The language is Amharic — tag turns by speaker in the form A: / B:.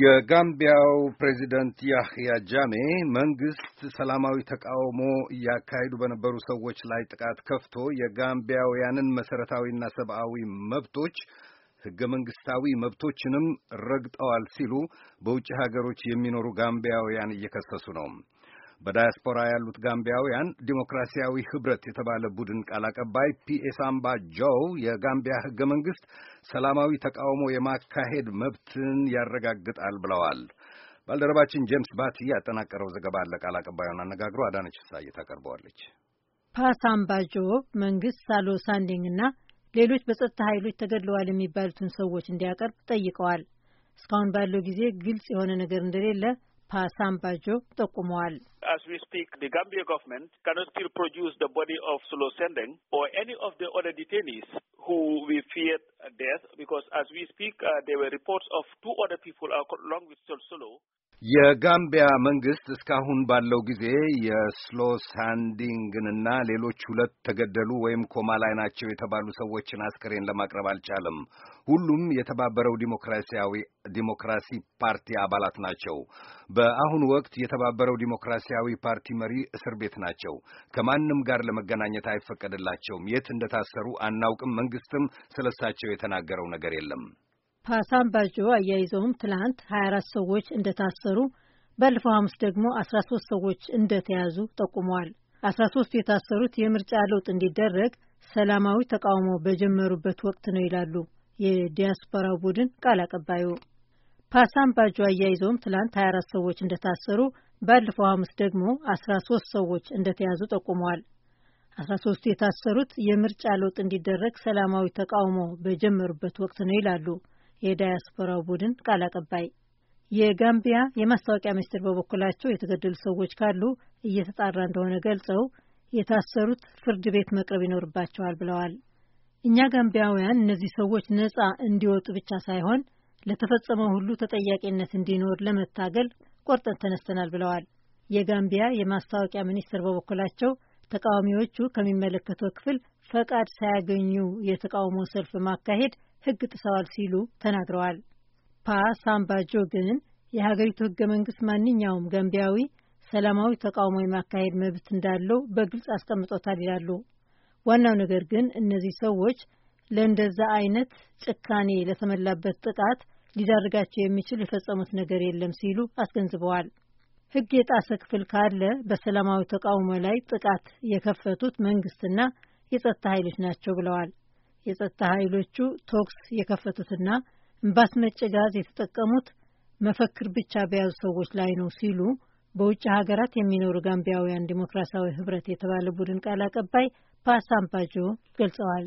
A: የጋምቢያው ፕሬዚደንት ያህያ ጃሜ መንግስት ሰላማዊ ተቃውሞ እያካሄዱ በነበሩ ሰዎች ላይ ጥቃት ከፍቶ የጋምቢያውያንን መሰረታዊና ሰብአዊ መብቶች ህገ መንግስታዊ መብቶችንም ረግጠዋል ሲሉ በውጭ ሀገሮች የሚኖሩ ጋምቢያውያን እየከሰሱ ነው። በዳያስፖራ ያሉት ጋምቢያውያን ዲሞክራሲያዊ ህብረት የተባለ ቡድን ቃል አቀባይ ፒኤሳምባ ጆው የጋምቢያ ህገ መንግስት ሰላማዊ ተቃውሞ የማካሄድ መብትን ያረጋግጣል ብለዋል። ባልደረባችን ጄምስ ባቲ ያጠናቀረው ዘገባ አለ። ቃል አቀባዩን አነጋግሮ አዳነች ሳየ ታቀርበዋለች።
B: ጆብ መንግስት ሳሎ ሳንዴንግና ሌሎች በጸጥታ ኃይሎች ተገድለዋል የሚባሉትን ሰዎች እንዲያቀርብ ጠይቀዋል። እስካሁን ባለው ጊዜ ግልጽ የሆነ ነገር እንደሌለ As we speak,
A: the Gambia government cannot still produce the body of Solo or any of the other detainees who we feared death because as we speak, uh, there were reports of two other people along with Solo. የጋምቢያ መንግስት እስካሁን ባለው ጊዜ የስሎ ሳንዲንግንና ሌሎች ሁለት ተገደሉ ወይም ኮማ ላይ ናቸው የተባሉ ሰዎችን አስክሬን ለማቅረብ አልቻለም። ሁሉም የተባበረው ዲሞክራሲያዊ ዲሞክራሲ ፓርቲ አባላት ናቸው። በአሁኑ ወቅት የተባበረው ዲሞክራሲያዊ ፓርቲ መሪ እስር ቤት ናቸው። ከማንም ጋር ለመገናኘት አይፈቀድላቸውም። የት እንደታሰሩ አናውቅም። መንግስትም ስለሳቸው የተናገረው ነገር የለም።
B: ፓሳምባጆ አያይዘውም ትላንት 24 ሰዎች እንደታሰሩ ባለፈው ሐሙስ ደግሞ 13 ሰዎች እንደተያዙ ጠቁመዋል። 13 የታሰሩት የምርጫ ለውጥ እንዲደረግ ሰላማዊ ተቃውሞ በጀመሩበት ወቅት ነው ይላሉ የዲያስፖራ ቡድን ቃል አቀባዩ። ፓሳምባጆ አያይዘውም ትላንት 24 ሰዎች እንደታሰሩ ባለፈው ሐሙስ ደግሞ 13 ሰዎች እንደተያዙ ጠቁመዋል። 13ቱ የታሰሩት የምርጫ ለውጥ እንዲደረግ ሰላማዊ ተቃውሞ በጀመሩበት ወቅት ነው ይላሉ የዳያስፖራው ቡድን ቃል አቀባይ። የጋምቢያ የማስታወቂያ ሚኒስትር በበኩላቸው የተገደሉ ሰዎች ካሉ እየተጣራ እንደሆነ ገልጸው የታሰሩት ፍርድ ቤት መቅረብ ይኖርባቸዋል ብለዋል። እኛ ጋምቢያውያን እነዚህ ሰዎች ነጻ እንዲወጡ ብቻ ሳይሆን ለተፈጸመው ሁሉ ተጠያቂነት እንዲኖር ለመታገል ቆርጠን ተነስተናል ብለዋል። የጋምቢያ የማስታወቂያ ሚኒስትር በበኩላቸው ተቃዋሚዎቹ ከሚመለከተው ክፍል ፈቃድ ሳያገኙ የተቃውሞ ሰልፍ ማካሄድ ሕግ ጥሰዋል ሲሉ ተናግረዋል። ፓ ሳምባጆ ግን የሀገሪቱ ሕገ መንግስት ማንኛውም ገንቢያዊ ሰላማዊ ተቃውሞ የማካሄድ መብት እንዳለው በግልጽ አስቀምጦታል ይላሉ። ዋናው ነገር ግን እነዚህ ሰዎች ለእንደዛ አይነት ጭካኔ ለተሞላበት ጥቃት ሊዳርጋቸው የሚችል የፈጸሙት ነገር የለም ሲሉ አስገንዝበዋል። ሕግ የጣሰ ክፍል ካለ በሰላማዊ ተቃውሞ ላይ ጥቃት የከፈቱት መንግስትና የጸጥታ ኃይሎች ናቸው ብለዋል። የጸጥታ ኃይሎቹ ተኩስ የከፈቱትና እምባስ መጭ ጋዝ የተጠቀሙት መፈክር ብቻ በያዙ ሰዎች ላይ ነው ሲሉ በውጭ ሀገራት የሚኖሩ ጋምቢያውያን ዲሞክራሲያዊ ህብረት የተባለ ቡድን ቃል አቀባይ ፓሳምፓጆ ገልጸዋል።